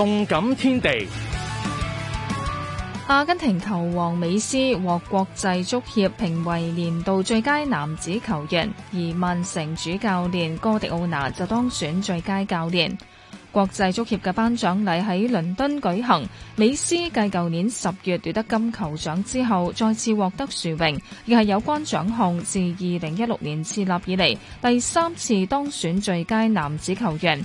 動感天地。阿根廷球王美斯獲國際足協評為年度最佳男子球員，而曼城主教練哥迪奧拿就當選最佳教練。國際足協嘅頒獎禮喺倫敦舉行，美斯繼舊年十月奪得金球獎之後，再次獲得殊榮，亦係有關獎項自二零一六年設立以嚟第三次當選最佳男子球員。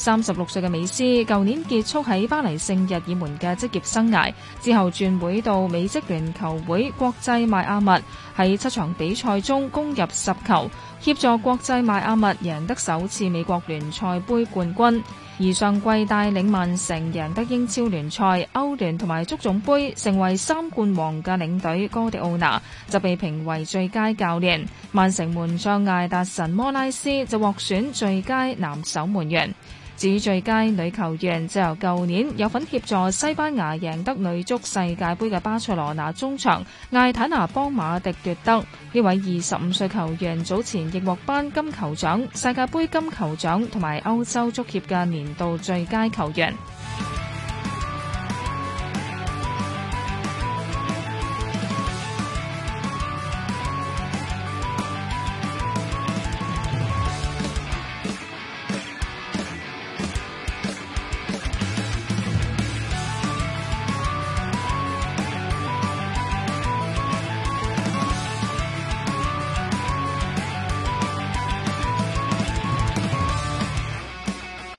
三十六歲嘅美斯，舊年結束喺巴黎聖日耳門嘅職業生涯之後，轉會到美職聯球會國際邁阿密。喺七場比賽中攻入十球，協助國際邁阿密贏得首次美國聯賽杯冠軍。而上季帶領曼城贏得英超聯賽、歐聯同埋足總杯，成為三冠王嘅領隊哥迪奧拿就被評為最佳教練。曼城門將艾達神摩拉斯就獲選最佳男守門員。至於最佳女球員就由舊年有份協助西班牙贏得女足世界盃嘅巴塞羅那中場艾坦娜邦瑪迪奪得。呢位二十五歲球員早前亦獲頒金球獎、世界盃金球獎同埋歐洲足協嘅年度最佳球員。